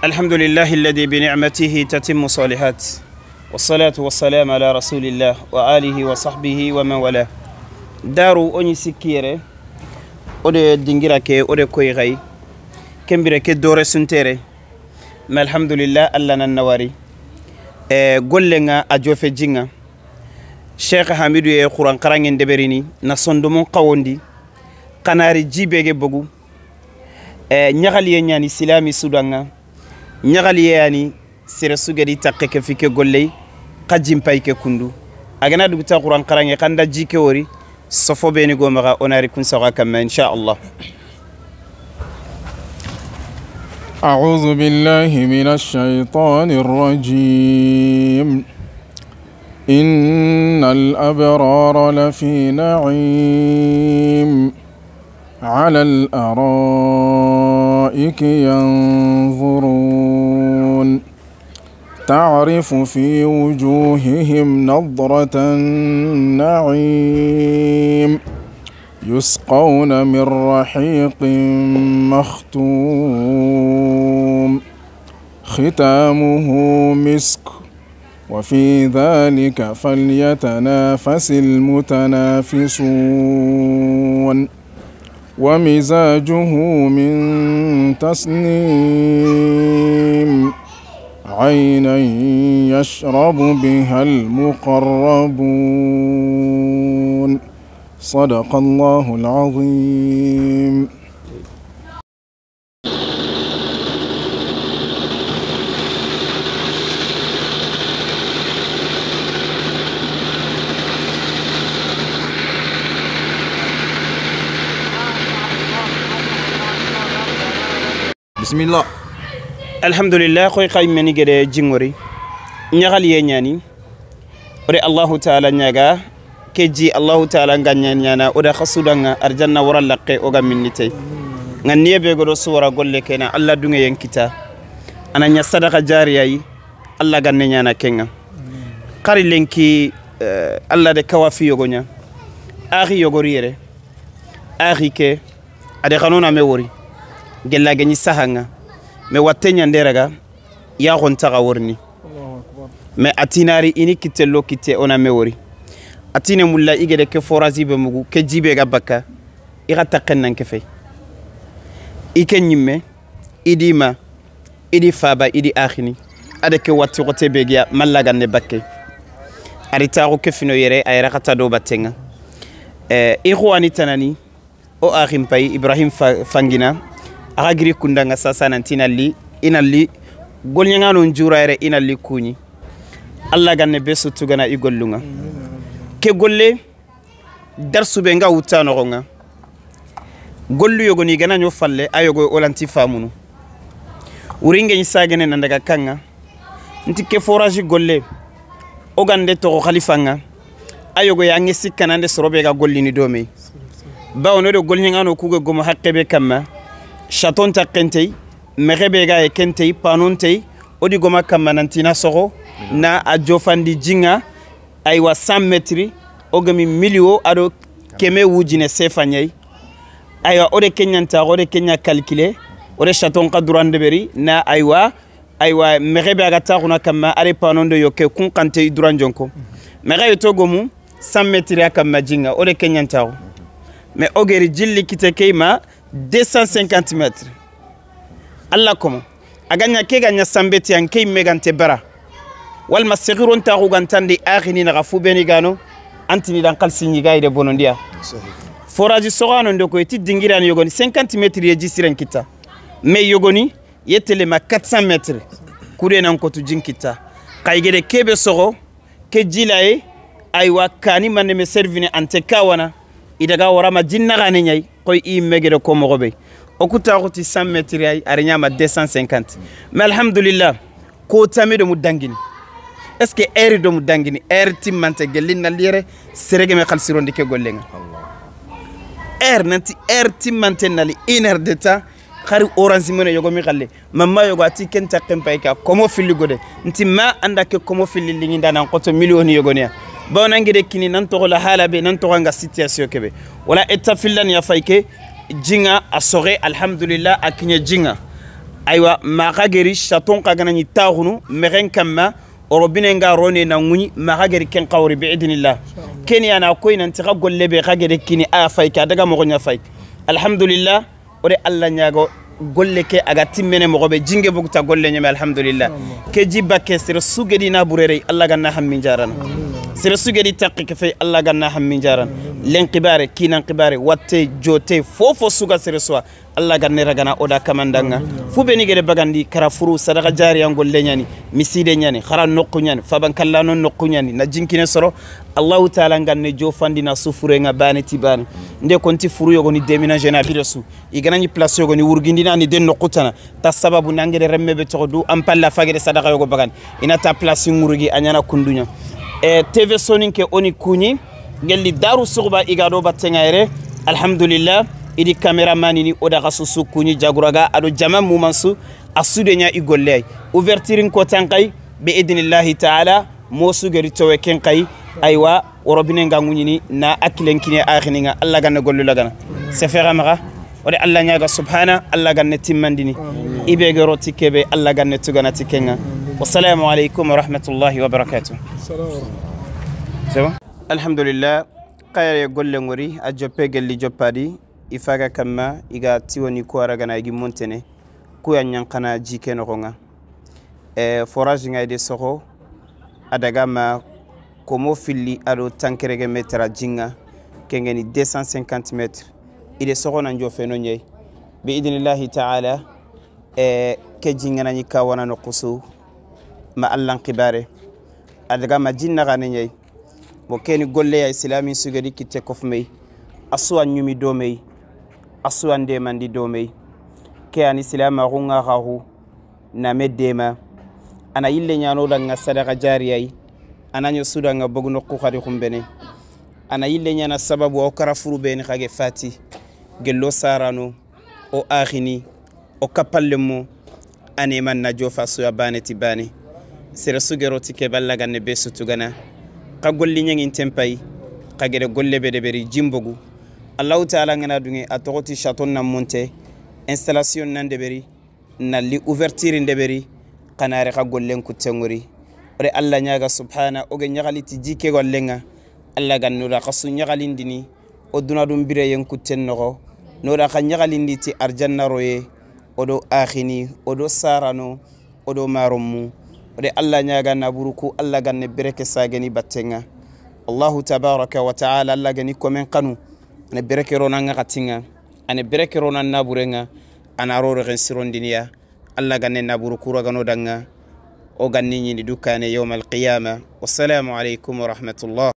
الحمد لله الذي بنعمته تتم صالحات والصلاة والسلام على رسول الله وآله وصحبه ومن والاه دارو أني سكيرة أودي دنجرا كي أودي كوي غاي كم كي دورة سنتيرة ما الحمد لله ألا ننواري قلنا أجوف جينا شيخ حميد قرآن قرآن دبريني نصندمون قواندي قناري جيبه بغو نغالي نياني سلامي سودانا ñagaliyeyani sere sugedi takke ke fike golley xajinpay ke kundu agana duguta xuran xarange xanda jike wori sofo beni gomaxa onari kun saxa kamma inchallah أعوذ بالله من الشيطان الرجيم إن الأبرار لفي نعيم على الأرائك ينظرون تعرف في وجوههم نظرة النعيم يسقون من رحيق مختوم ختامه مسك وفي ذلك فليتنافس المتنافسون ومزاجه من تسنيم عينا يشرب بها المقربون صدق الله العظيم bismillah alhamdulillah koy kay meni gede jingori nyagal ye nyani ore allah taala nyaga keji allah taala ganya nyana oda khasudanga arjanna wara laqe oga minnite nganniye be godo suwara golle kena allah dunge yen kita ana nya sadaka jariyayi allah ganne nyana kenga kari lenki allah de kawafi yogonya axi yogori yere axi ke ade xanona me wori gellageni sahanga me watte ɲanderaga yaxontaxa worini me atinari ini kitello kite ona me wori atine mulla i ke forasi be mugu ke jibe ga baka i xa taxen nan ke fe i ke ɲimme i di ma faba idi di axini ade ke watti xote begiya ne bakke ari taxu ke fino yere a yera xa ta do battenga eh, i xuwani tanani o axin payi ibrahim fangina aga giri kundanga sasa nantinalli inalli golñaganon ina li kuñi allah ganne be suttugana i gollunga ke golle darsuɓe nga wutta nogonga gollu yogoni ganaño falle a yogoy olanti famunu wuringeñi sagene nandaga kanga nti ke forage golle ogande togo halifanga a yogoy ange sikkanande soroɓe ga gollini bawo domey bawonoɗo golñagano kuge gomo haqqe be kamma chaton ta kentei mexebe ga e kentei panon tei wo goma kanma nantina na a jofandi jinga ayiwa 100 metri wo gemi mili wo ado keme wujine sefa ɲei ayiwa wo de kenɲantaxo wo de kenɲa kalkile wo de chaton xa durandeberi na ayiwa ayiwa mexebe a ga taxuna kanma ade panon kun xante duran jonko mexa 100 metri a kanma jinga wo de jilli kite 250 mètres alla komo a ga ke ga ɲa sanbeti an ke imme gante bara walma segiron taxu gantandi axini naxa fubeni gano antini dan kalsi ɲigayide bonondiya forage soxano ndo koy ti dingirani yogoni 50 mètres ye jisiren kita mais yogoni ye telema 400 mètres kurenan kotu jin kita xayigede kebe soxo ke jila ye aywa kani maneme servine ante kawana idaga warama jinnaxane ɲayi koy i megere ko mogo be o ku taxuti 100 metre ay ara ɲama 250 mais alhamdulillah ko tami do dangini est ce que aire domu mu dangini aire timmante gelli nalli yere seregeme xalsirondi ke gollenga aire nanti aire timmante nali une heure de temps xari orange mene yogomi xalle mamma yogo ati ken taqen pay ka komo filli gode nti ma anda ke komo filli linginda nan qoto millioni yogoniya bawo nangide kini nan la hala be nan togo nga situation kebe wala etta fillan ya fayke jinga a soxe alhamdulillah a jinga aywa maxa geri chaton xa ganani taxunu mexen kanma orobine nga roni na nguni maxa geri ken xawori bi idnillah keni yana koyi nanti xa golle be xa kini a fayke a daga moxoɲa fayke alhamdulillah wo allah nyago golle ke aga timmene mogoɓe jingue bogta golle ñeme alhamdulillah ke jibba ke sere sugeɗi na ɓurerey allah ganna hammi jarana sere sugeɗi taqi ke fey allah ganna hammi jarana len qibare kinan qibare watte jote fofo suga sere suwa allah ganne ragana oda kamandanga fu beni gede bagandi kara furu sadaka jariyangol leñani miside ñani hara nokku ñani fabankallano nokku ñani na jinkine soro allahu taala ganne jofandina sufurenga bane ti bane nde konti furu yogoni déménage na bire su i ganañi place yogoni wurgindina ni den nokkutana ta sababu nangede remmeɓe toxo du an palla fagede sadaka yogo bagandi inata place ngurugi a ñana e tv soninke oni kuñi gelli daru suxuba iga ɗo battenga alhamdulillah idi caméramani ni odaxa susu kuɲi jaguraga ado jama mumansu a sudenya i golle ay ouvertirin kotan xay be idinillahi taala mo sugeri towe ken xay aywa worobinenga ŋuɲini na a kilenkine axininga alla ganne gollu lagana sefexa maxa ode alla ñaga subhana alla ganne timmandini i be gero ti kebe alla ganne tugana tikenga ti kenga wasalamu aleykum warahmatullahi wabarakatu alhamdulillah kayare golle ŋori a joppe gelli joppadi ifaga kamma iga ni ko aragana igi montene kuya ñankana jike noxonga e forage ngay de soxo a daga ma komo filli aɗo tankerege métre a jinga kengeni 250 métre ide soxona njofeno ñayi bi idinillahi taala e ke jinganañi kawana no qusu ma allan kibare a daga ma jinnaxane ñayi bo keni golleya islami sugedi kitte kof mey a suwa ñumi do mey a suwan demandi domey ke ani silamaxunga xaxu name dema ana yille ñanolanga sadaka jariyay ana ño sudanga bog no kuxari xumbene ana yille ñana sababu a kara furu beni xage fati gello sarano o axini o kapallen mo aneman na jofa suya bane ti bane sere sugeroti keballagan ne be sutugana xa golliñangin tenpay xa gede golle be deɓeri jimbogu allahu taala ngena dunge a tɔgɔ ti chaton na monte installation na ndeberi nalli ouverture ndeberi kanare xa gollen kuttengori ore allah ñaga subhana oge ñaxali ti jike gollenga allah gannura xa su ñaxalindini o duna dum bire yen kutten noxo noda xa ñaxalindi ti arjannaro ye odo axini odo sarano odo maronmu ode allah ñaga naburu ku allah ganne bereke sageni battenga allahu tabaraka wa taala allah gani komen kanu ana berekerona nga xatinga ana berekerona naburenga ana rorexen sirondiniya alla ganne naburu kuragano danga o ganni ñini dukane yowma alqiyama wassalamu wa rahmatullah